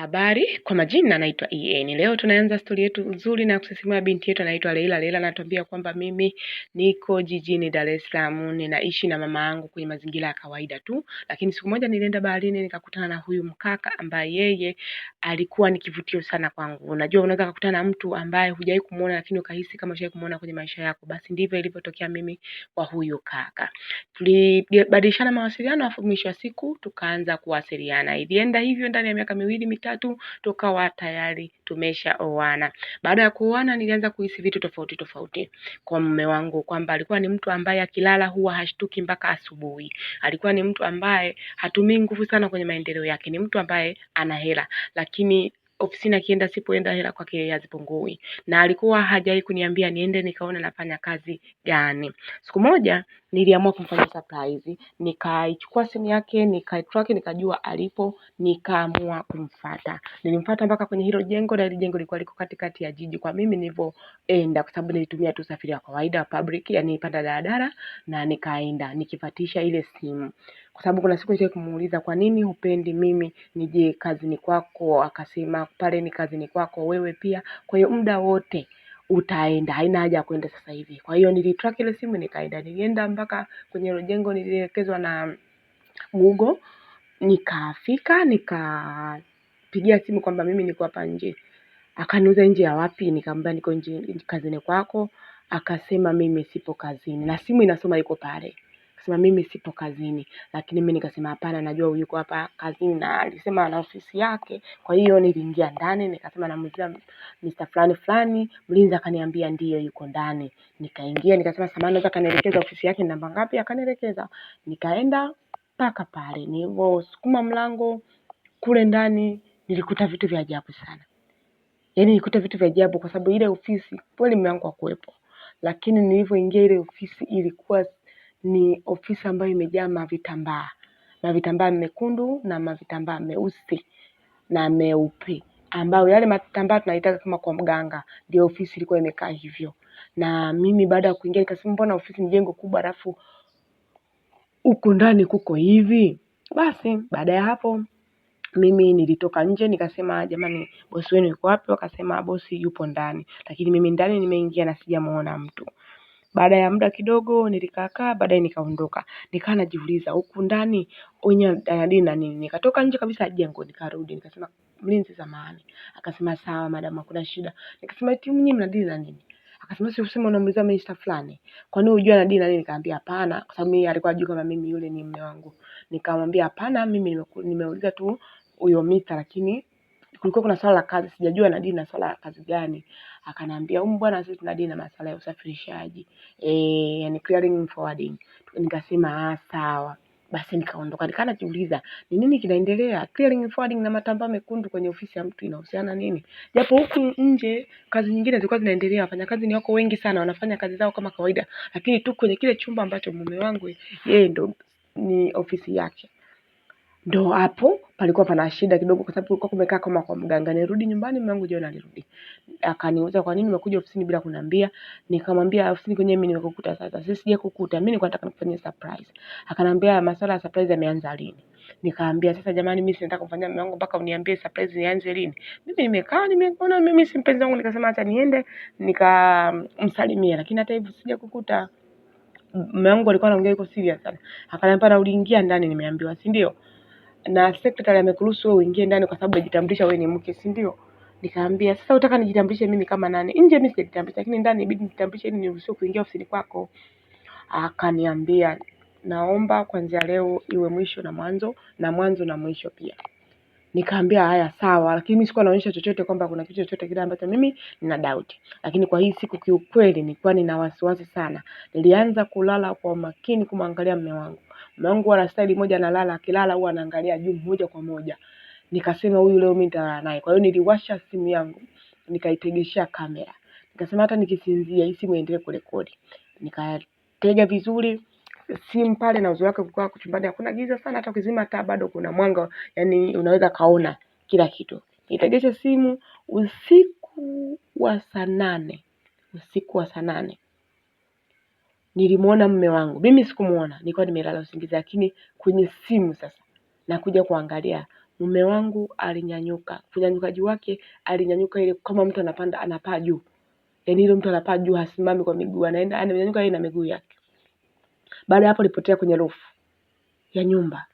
Habari, kwa majina naitwa EN. Leo tunaanza stori yetu nzuri na kusisimua. Binti yetu anaitwa Leila. Leila anatuambia kwamba mimi niko jijini Dar es Salaam, ninaishi na mama yangu kwenye mazingira ya kawaida tu, lakini siku moja nilienda baharini nikakutana na huyu mkaka ambaye yeye alikuwa ni kivutio sana kwangu. Unajua, unaweza kukutana na mtu ambaye hujai kumuona, lakini ukahisi kama ushawahi kumuona kwenye maisha yako. Basi ndivyo ilivyotokea mimi kwa huyu kaka. Tulibadilishana mawasiliano, afu mwisho wa siku tukaanza kuwasiliana. Ilienda hivyo ndani ya miaka miwili mitatu tu tukawa tayari tumeshaoana. Baada ya kuoana, nilianza kuhisi vitu tofauti tofauti kwa mume wangu, kwamba alikuwa ni mtu ambaye akilala huwa hashtuki mpaka asubuhi. Alikuwa ni mtu ambaye hatumii nguvu sana kwenye maendeleo yake, ni mtu ambaye ana hela, lakini ofisini akienda sipoenda hela kwake hazipungui, na alikuwa hajawahi kuniambia niende nikaona nafanya kazi gani. Siku moja niliamua kumfanya surprise, nikaichukua simu yake nikaitrack, nikajua alipo, nikaamua kumfata. Nilimfata mpaka kwenye hilo jengo, na ile jengo lilikuwa liko katikati ya jiji kwa mimi nilivyoenda, kwa sababu nilitumia tu usafiri wa kawaida wa public, yani nilipanda daladala na nikaenda nikifatisha ile simu kwa sababu kuna siku nishawahi kumuuliza kwa nini hupendi mimi nije kazini kwako, akasema pale ni kazini kwako wewe pia, kwa hiyo muda wote utaenda, haina haja ya kwenda sasa hivi. Kwa hiyo nilitrack ile simu nikaenda, nilienda mpaka kwenye hilo jengo, nilielekezwa na Google, nikafika nikapigia simu kwamba mimi niko hapa nje akaniuza nje ya wapi? Nikamwambia niko nje kazini kwako. Akasema mimi sipo kazini, na simu inasoma iko pale akasema mimi sipo kazini, lakini mimi nikasema hapana, najua yuko hapa kazini na alisema ana ofisi yake. Kwa hiyo niliingia ndani nikasema namuuliza Mr. fulani fulani, mlinzi akaniambia ndiyo yuko ndani. Nikaingia nikasema samahani, naweza kanielekeza ofisi yake namba ngapi? Akanielekeza, nikaenda mpaka pale nilivyosukuma mlango kule ndani nilikuta vitu vya ajabu sana. Yaani nilikuta vitu vya ajabu kwa sababu ile ofisi kweli mume wangu hakuwepo, lakini nilivyoingia ile ofisi ilikuwa ni ofisi ambayo imejaa mavitambaa. Mavitambaa mekundu na mavitambaa meusi na meupe ambayo yale matambaa tunahitaji kama kwa mganga, ndio ofisi ilikuwa imekaa hivyo. Na mimi baada ya kuingia nikasema, mbona ofisi ni jengo kubwa alafu huku ndani kuko hivi? Basi baada ya hapo mimi nilitoka nje nikasema, jamani, bosi wenu yuko wapi? Wakasema bosi yupo ndani, lakini mimi ndani nimeingia na sijamuona mtu. Baada ya muda kidogo nilikaa kaa, baadaye nikaondoka. Nikawa najiuliza huku ndani wenye unadai na nini? Nikatoka nje kabisa jengo nikarudi, nikasema mlinzi samahani. Akasema sawa madam, hakuna shida. Nikasema eti nyinyi mnadili na nini? Akasema si usema unamuuliza minister fulani. Kwa nini unajua anadili na nini? Nikamwambia hapana, kwa sababu mimi alikuwa ajui kama mimi yule ni mume wangu. Nikamwambia hapana, mimi nimeuliza tu huyo mita lakini kulikuwa kuna swala la kazi, sijajua na dini na swala la kazi gani. Akaniambia huyu mm, bwana, sisi tuna dini na masuala ya usafirishaji eh, yani clearing forwarding. Nikasema ah, sawa. Basi nikaondoka, nikaa jiuliza ni nini kinaendelea. Clearing forwarding na matamba mekundu kwenye ofisi ya mtu inahusiana nini? Japo huku nje kazi nyingine zilikuwa zinaendelea, wafanyakazi ni wako wengi sana, wanafanya kazi zao kama kawaida, lakini tu kwenye kile chumba ambacho mume wangu yeye ndo ni ofisi yake. Ndo hapo palikuwa pana shida kidogo, kwa sababu kulikuwa kumekaa kama kwa mganga. Nirudi nyumbani, mume wangu jioni alirudi akaniuliza, kwa nini umekuja ofisini bila kuniambia? Nikamwambia ofisini kwenye mimi nimekukuta sasa, sisi sija kukuta, mimi nilikuwa nataka nikufanyie surprise. Akanambia masuala ya surprise yameanza lini? Nikaambia sasa, jamani, mimi sinataka kumfanyia mume wangu mpaka uniambie surprise ianze lini. Mimi nimekaa nimeona, mimi si mpenzi wangu, nikasema acha niende nikamsalimia, lakini hata hivyo sija kukuta. Mume wangu alikuwa anaongea yuko serious sana, akaniambia na uliingia ndani, nimeambiwa, si ndio? na secretary amekuruhusu wewe uingie ndani kwa sababu unajitambulisha wewe ni mke, si ndio? Nikaambia sasa, utaka nijitambulishe mimi kama nani? Nje mimi sijajitambulisha, lakini ndani ibidi nijitambulishe ili niruhusiwe kuingia ofisini kwako. Akaniambia naomba kuanzia leo iwe mwisho na mwanzo na mwanzo na mwisho pia. Nikaambia haya sawa, lakini mimi sikuwa naonyesha chochote kwamba kuna kitu chochote kile ambacho mimi nina doubt. Lakini kwa hii siku kiukweli nilikuwa nina wasiwasi sana. Nilianza kulala kwa umakini kumwangalia mume wangu. Mume wangu ana staili moja analala, akilala huwa anaangalia juu moja kwa moja. Nikasema huyu leo mimi nitalala naye. Kwa hiyo niliwasha simu yangu, nikaitegeshea kamera. Nikasema hata nikisinzia hii simu iendelee kurekodi. Nikatega vizuri simu pale na uzuri wake kukaa kuchumbani hakuna giza sana, hata ukizima taa bado kuna mwanga, yani unaweza kaona kila kitu. Nitaegesha simu usiku wa saa nane usiku wa saa nane nilimwona mme wangu. Mimi sikumuona, nilikuwa nimelala usingizi, lakini kwenye simu sasa nakuja kuangalia mume wangu alinyanyuka. Kunyanyukaji wake, alinyanyuka ile kama mtu anapanda anapaa juu, yaani ile mtu anapaa juu hasimami kwa miguu, anaenda ananyanyuka yeye na miguu yake. Baada ya hapo alipotea kwenye rufu ya nyumba,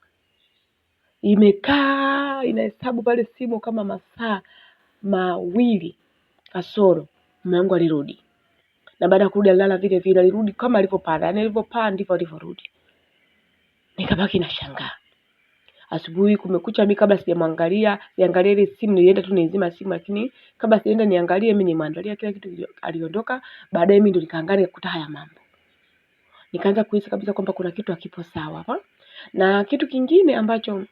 imekaa inahesabu pale simu kama masaa mawili kasoro. Mume wangu alirudi, na baada ya kurudi alilala vile vile, alirudi kama alivyopanda, yani alivyopaa ndivyo alivyorudi. Nikabaki nashangaa. Asubuhi kumekucha, mimi kabla sijamwangalia niangalie ile simu, nilienda tu nizima simu, lakini kabla sijaenda niangalie, mimi nimeandalia kila kitu. Aliondoka baadaye, mimi ndo nikaangalia kukuta haya mambo nikaanza kuhisi kabisa kwamba kuna kitu hakipo sawa ha? na kitu kingine ambacho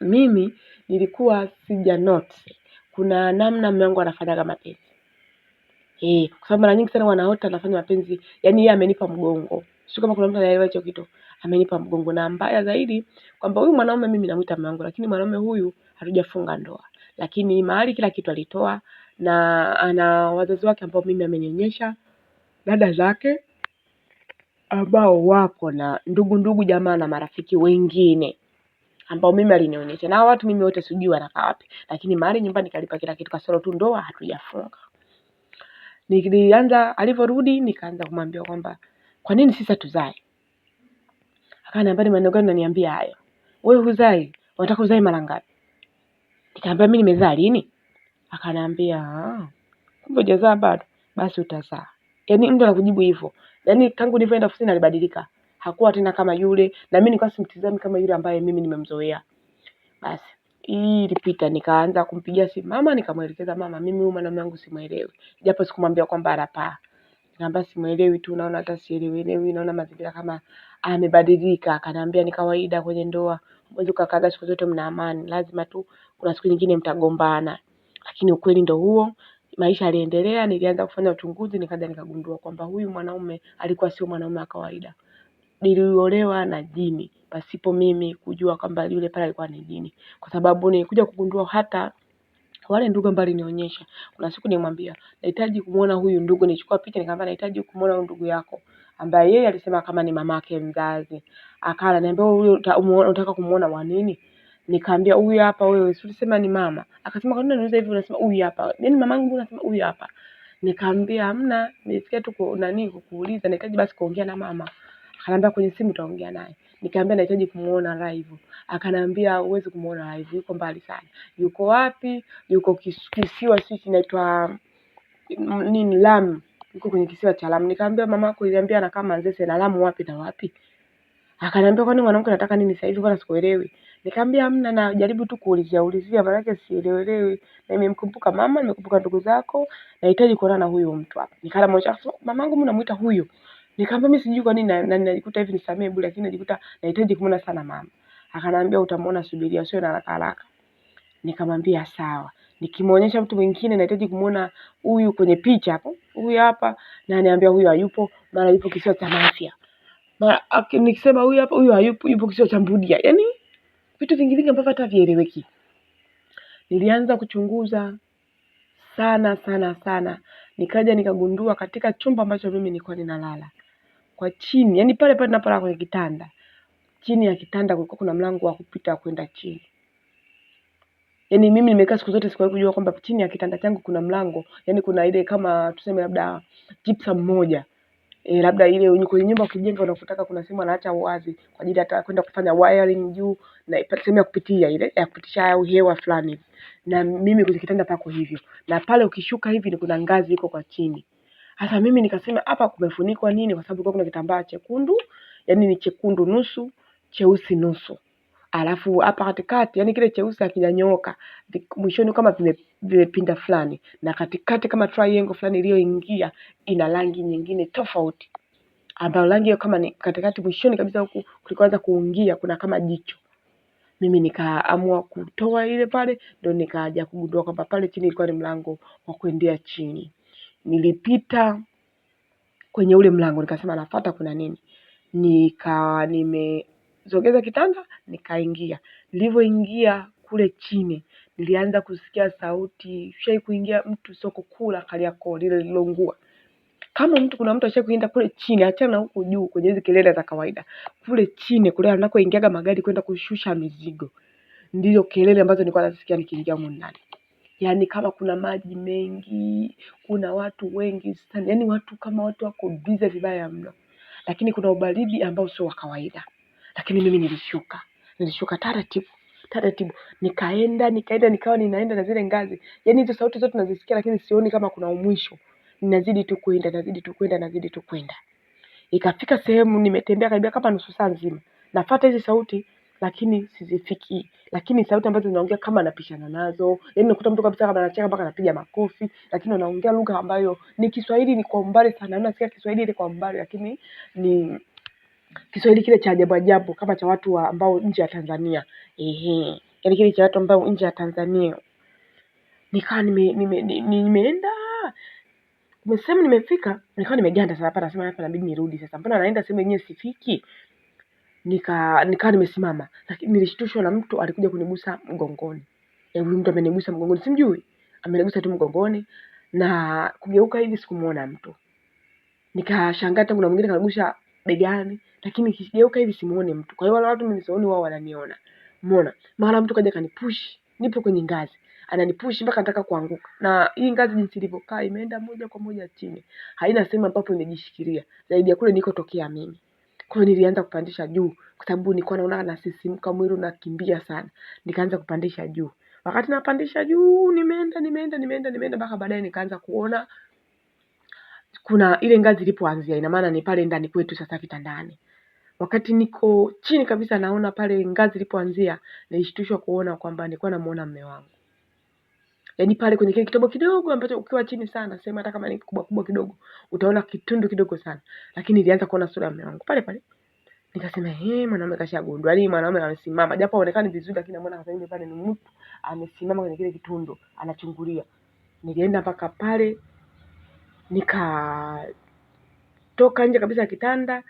mimi nilikuwa sija note kuna namna mume wangu anafanyaga mapenzi eh, kwa sababu mara nyingi sana wanaota anafanya mapenzi, yani yeye amenipa mgongo. Sio kama kuna mtu anaelewa hicho kitu, amenipa mgongo. Na mbaya zaidi kwamba huyu mwanaume mimi namuita mume wangu, lakini mwanaume huyu hatujafunga ndoa, lakini mahali kila kitu alitoa, na ana wazazi wake ambao mimi amenyonyesha, dada zake ambao wako na ndugu ndugu jamaa na marafiki wengine ambao mimi alinionyesha na watu mimi wote sijui wanakaa wapi, lakini mahali nyumbani kalipa kila kitu, kasoro tu ndoa hatujafunga. Nilianza, alivyorudi nikaanza kumwambia kwamba kwa nini sasa tuzae? Akaniambia ni maneno gani unaniambia hayo? Wewe huzai, unataka uzae mara ngapi? Nikamwambia mimi nimezaa lini? Akaniambia ah, kumbe hujazaa bado, basi utazaa. Yaani mtu anakujibu hivyo, yani tangu nilivyoenda ofisini alibadilika. Hakuwa tena kama yule na mimi nilikuwa simtizami kama yule ambaye mimi nimemzoea. Basi hii ilipita nikaanza kumpigia simu mama nikamwelekeza mama mimi huyu mwanaume wangu simuelewi. Japo sikumwambia kwamba anapaa. Nikamwambia simuelewi tu naona hata sielewelewi naona mazingira kama amebadilika. Akaniambia ni kawaida kwenye ndoa. mwezi kukaaga siku zote mna amani. Lazima tu kuna siku nyingine mtagombana. Lakini ukweli ndo huo maisha yaliendelea, nilianza kufanya uchunguzi, nikaja nikagundua kwamba huyu mwanaume alikuwa sio mwanaume wa kawaida. Niliolewa na jini pasipo mimi kujua kwamba yule pale alikuwa ni jini, kwa sababu nilikuja kugundua hata wale ndugu ambao alinionyesha. Kuna siku nilimwambia nahitaji kumwona huyu ndugu, nichukua picha nikamwambia nahitaji kumuona huyu ndugu yako ambaye yeye alisema kama ni mamake mzazi, akala ananiambia huyu unataka kumwona wa nini? Nikaambia huyu hapa wewe, si ulisema ni mama? Akasema kwa nini unauliza hivi, unasema huyu hapa? Yaani mamangu unasema huyu hapa. Nikaambia hamna, nilisikia tu nani kukuuliza, nikaji basi kuongea na mama. Akaniambia kwenye simu utaongea naye. Nikaambia nahitaji kumuona live. Akanambia huwezi kumuona live, yuko mbali sana. Yuko wapi? Yuko kis- kisiwa sisi kinaitwa nini Lamu. Yuko kwenye kisiwa cha Lamu. Nikaambia mama yako iliambia anakaa Manzese na Lamu wapi na wapi? Akanambia kwani mwanamke nataka nini sasa hivi bwana sikuelewi. Nikamwambia hamna, najaribu tu kuulizia ulizia, maanake sielewelewi, na nimemkumbuka mama, nimekumbuka ndugu zako, nahitaji kuonana na huyu mtu hapa. Nikala moja akasema, mamangu mbona unamuita huyu? Nikamwambia mimi sijui kwa nini na na najikuta hivi, nisamee bure, lakini najikuta nahitaji kumuona sana mama. Akanambia utamuona, subiria, sio na haraka haraka. Nikamwambia sawa. Nikimwonyesha mtu mwingine nahitaji kumuona huyu kwenye picha hapo, huyu hapa, na aniambia huyu hayupo, mara yupo kisiwa cha Mafia. Mara aki- nikisema huyu hapa, huyu hayupo, yupo kisiwa cha Mbudia. yani vitu vingi vingi ambavyo hata vieleweki. Nilianza kuchunguza sana sana sana, nikaja nikagundua katika chumba ambacho mimi nilikuwa ninalala kwa chini, yani pale pale ninapolala kwenye kitanda, chini ya kitanda kulikuwa kuna mlango wa kupita kwenda chini. Yani mimi nimekaa siku zote sikuwahi kujua kwamba chini ya kitanda changu kuna mlango, yani kuna ile kama tuseme labda jipsa mmoja e, labda ile kwenye nyumba ukijenga unakutaka kuna sehemu anaacha wazi kwa ajili hata kwenda kufanya wiring juu na sehemu ya kupitia ile ya kupitisha au hewa fulani na mimi kwenye kitanda pako hivyo, na pale ukishuka hivi ni kuna ngazi iko kwa chini. Sasa mimi nikasema hapa kumefunikwa nini? Kwa sababu kuna kitambaa chekundu, yaani ni chekundu nusu, cheusi nusu alafu hapa katikati, yani kile cheusi hakijanyooka, mwishoni kama vime- vimepinda fulani, na katikati kama triangle fulani iliyoingia ina rangi nyingine tofauti, ambayo rangi hiyo kama ni katikati, mwishoni kabisa huku kulikoanza kuingia kuna kama jicho. Mimi nikaamua kutoa ile pale, ndo nikaja kugundua kwamba pale chini ilikuwa ni mlango wa kuendea chini. Nilipita kwenye ule mlango nikasema nafata kuna nini, nika nime sogeza kitanda, nikaingia. Nilivyoingia kule chini, nilianza kusikia sauti. Shai kuingia mtu soko kula Kariakoo lile lilongua kama mtu kuna mtu ashakuenda kule chini, achana na huku juu kwenye hizo kelele za kawaida, kule chini kule anakoingiaga magari kwenda kushusha mizigo, ndizo kelele ambazo nilikuwa nasikia nikiingia humu ndani. Yaani kama kuna maji mengi, kuna watu wengi sana, yaani watu kama watu wako busy vibaya mno, lakini kuna ubaridi ambao sio wa kawaida. Lakini mimi nilishuka, nilishuka taratibu taratibu, nikaenda nikaenda, nikawa ninaenda na zile ngazi, yani hizo sauti zote nazisikia, lakini sioni kama kuna umwisho. Ninazidi tu kwenda, nazidi tu kwenda, nazidi tu kwenda. Ikafika sehemu nimetembea karibia kama nusu saa nzima, nafuata hizi sauti lakini sizifiki, lakini sauti ambazo zinaongea kama anapishana nazo, yani nakuta mtu kabisa kama anacheka mpaka anapiga makofi, lakini anaongea lugha ambayo ni Kiswahili, ni kwa umbali sana, nasikia Kiswahili ile kwa umbali, lakini ni Kiswahili kile cha ajabu ajabu kama cha watu wa ambao nje ya Tanzania. Ehe. Yaani kile cha watu ambao nje ya Tanzania. Nikawa nime, nimeenda nime, nime, nimeenda sehemu nimefika nikawa nimeganda sana hapa nasema hapa nabidi nirudi sasa mbona naenda sehemu yenyewe sifiki nika nikawa nimesimama lakini nilishtushwa na mtu alikuja kunigusa mgongoni yaani huyu mtu amenigusa mgongoni simjui amenigusa tu mgongoni na kugeuka hivi sikumuona mtu nikashangaa tena kuna mwingine kanigusha begani, lakini ikigeuka hivi simuone mtu. Kwa hiyo wale watu mimi sioni, wao wananiona. Umeona? Mara mtu kaja kanipush, nipo kwenye ngazi ananipush mpaka nataka kuanguka, na hii ngazi jinsi ilivyokaa imeenda moja kwa moja chini, haina sehemu ambapo imejishikilia zaidi ya kule tokea mimi. Kwa hiyo nilianza kupandisha juu, kwa sababu nilikuwa naona nasisimka, mwili unakimbia sana, nikaanza kupandisha juu. Wakati napandisha juu, nimeenda nimeenda nimeenda nimeenda, mpaka baadaye nikaanza kuona kuna ile ngazi ilipoanzia, ina maana ni pale ndani kwetu sasa vitandani. Wakati niko chini kabisa, naona pale ngazi ilipoanzia, nilishtushwa kuona kwamba nilikuwa namuona mume wangu, yaani pale kwenye kile kitobo kidogo ambacho ukiwa chini sana sema hata kama ni kubwa kubwa kidogo utaona kitundu kidogo sana, lakini nilianza kuona sura ya mume wangu pale pale. Nikasema eh, mwanaume kashagundua, yaani mwanaume amesimama, japo haonekani vizuri, lakini naona kasa yule pale ni mtu amesimama kwenye kile kitundu anachungulia. Nilienda mpaka pale nikatoka nje kabisa ya kitanda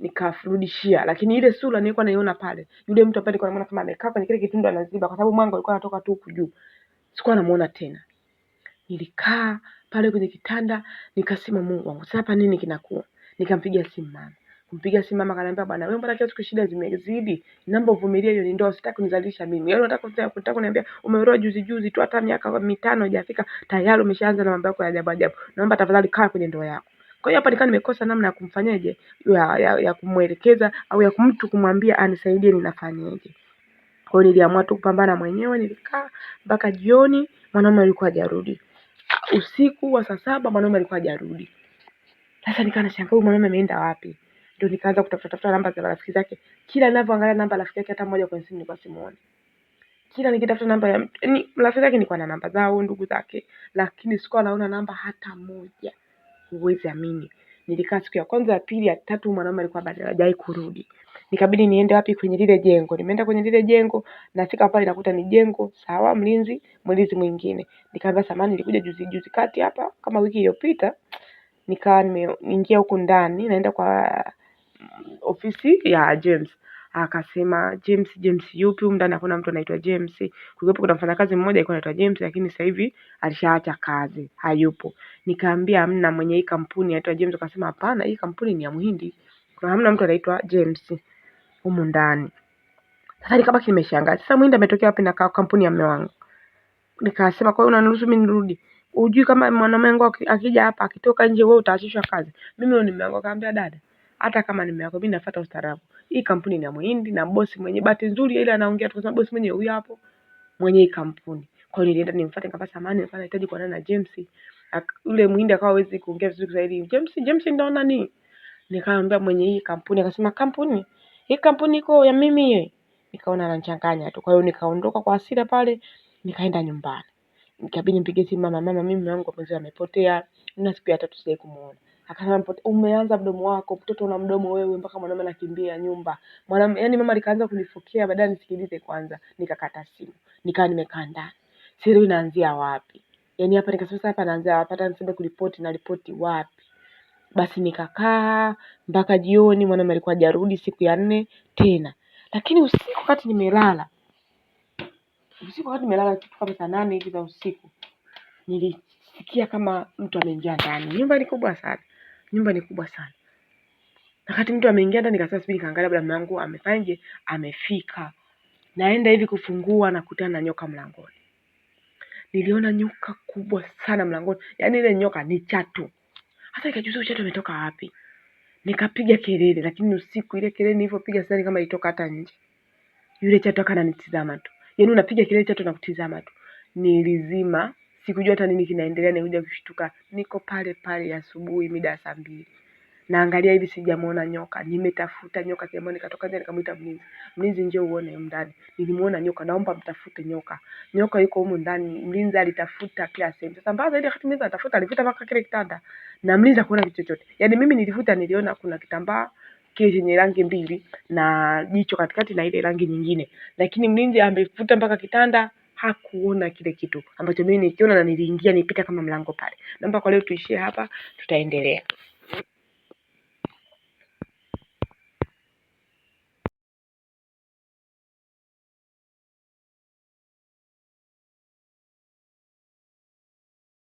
nikafurudishia lakini ile sura nilikuwa naiona pale, yule mtu pale nilikuwa kama amekaa kwenye kile kitundu anaziba, kwa sababu mwanga ulikuwa unatoka tu huku juu, sikuwa namuona tena. Nilikaa pale kwenye kitanda nikasema, Mungu wangu, sasa hapa nini kinakuwa? Nikampigia simu mama, kumpigia simu mama, kaniambia bwana, wewe mbona kila siku shida zimezidi, naomba uvumilie, hiyo ni ndoa, sitaki kunizalisha mimi. Yaani unataka kutaka kuniambia umeolewa juzi juzi tu, hata miaka mitano haijafika tayari umeshaanza na mambo yako ya ajabu ajabu. Naomba tafadhali kaa kwenye ndoa yako. Kwa hiyo hapa nikawa nimekosa namna ya kumfanyaje ya, ya, ya kumwelekeza au ya kumtu kumwambia anisaidie ninafanyaje. Kwa hiyo niliamua tu kupambana mwenyewe, nilikaa mpaka jioni, mwanaume alikuwa hajarudi. Usiku wa saa saba mwanaume alikuwa hajarudi. Sasa nikawa nashangaa huyu mwanaume ameenda wapi? ndio nikaanza kutafuta tafuta namba za marafiki zake. Kila ninavyoangalia namba rafiki yake hata moja kwenye simu nilikuwa simuoni. Kila nikitafuta namba ya yani, rafiki zake nilikuwa na namba zao ndugu zake, lakini sikuwa naona namba hata moja. Huwezi amini. Nilikaa siku ya kwanza, ya pili, ya tatu, mwanaume alikuwa bado hajai kurudi. Nikabidi niende wapi? Kwenye lile jengo. Nimeenda kwenye lile jengo, nafika pale nakuta ni jengo sawa, mlinzi mlinzi mwingine. Nikaambia samani, nilikuja juzi juzi kati hapa kama wiki iliyopita, nikawa nimeingia huku ndani, naenda kwa ofisi ya James. Akasema James, James yupi? huyu ndani hakuna mtu anaitwa James. Kulikuwa kuna mfanyakazi mmoja alikuwa anaitwa James, lakini sasa hivi alishaacha kazi, hayupo. Nikaambia amna, mwenye hii kampuni anaitwa James. Akasema hapana, hii kampuni ni ya Muhindi, kuna hamna mtu anaitwa James humu ndani. Sasa nikabaki nimeshangaa, sasa Muhindi ametokea wapi na kampuni ya mume wangu? Nikasema kwa hiyo unaniruhusu mimi nirudi? Ujui kama mwanaume wangu akija hapa akitoka nje, wewe utaachishwa kazi? Mimi mume wangu akaambia dada hata kama ni mimi nafuata ustaarabu. Hii kampuni ni ya Muhindi na bosi mwenye bahati nzuri ile anaongea tu, kwa sababu bosi mwenye huyo hapo mwenye hii kampuni. Kwa hiyo nilienda nimfuate, nikamwambia samani nilikuwa nahitaji kuonana na James. Yule Muhindi akawa hawezi kuongea vizuri zaidi. James, James ndio nani? Nikamwambia mwenye hii kampuni, akasema kampuni hii kampuni iko ya mimi ye. Nikaona anachanganya tu, kwa hiyo nikaondoka kwa hasira pale, nikaenda nyumbani. Nikabidi nipige simu mama, mama mimi mume wangu mpenzi amepotea, na siku ya tatu sijai kumuona akasema umeanza mdomo wako mtoto una mdomo wewe, mpaka mwanaume anakimbia nyumba mwanaume. Yani mama nikaanza kunifokea, baadaye nisikilize kwanza, nikakata simu, nikawa nimekaa ndani, siri inaanzia wapi? Yani hapa nikasema sasa, hapa naanzia hapa, Hata niseme kulipoti, na ripoti wapi? Basi nikakaa mpaka jioni, mwanaume alikuwa hajarudi siku ya nne tena, lakini usiku wakati nimelala usiku wakati nimelala kitu kama saa nane hivi za usiku, nilisikia kama mtu ameingia ndani. Nyumba ni kubwa sana, nyumba ni kubwa sana. Wakati mtu ameingia ndani nikasema sijui nikaangalia labda mlango amefanyaje amefika. Naenda hivi kufungua nakutana na nyoka mlangoni. Niliona nyoka kubwa sana mlangoni. Yaani ile nyoka ni chatu. Hata nikajiuliza chatu ametoka wapi? Nikapiga kelele lakini usiku ile kelele nilivyopiga sana kama ilitoka hata nje. Yule chatu akananitizama tu. Yaani unapiga kelele chatu na kutizama tu. Nilizima Sikujua hata nini kinaendelea, nikuja kushtuka niko pale pale asubuhi mida ya saa mbili naangalia hivi sijamuona nyoka. Nimetafuta nyoka sema, nikatoka nje nikamwita mlinzi, mlinzi, njoo uone humu ndani, nilimuona nyoka, naomba mtafute nyoka, nyoka yuko humu ndani. Mlinzi alitafuta kila sehemu. Sasa mbaza ile wakati mlinzi anatafuta, alivuta mpaka kile kitanda na mlinzi hakuona kitu chochote. Yani mimi nilivuta, niliona kuna kitambaa kile chenye rangi mbili na jicho katikati na ile rangi nyingine, lakini mlinzi amevuta mpaka kitanda hakuona kile kitu ambacho mimi nikiona na niliingia nipita kama mlango pale. Naomba kwa leo tuishie hapa, tutaendelea.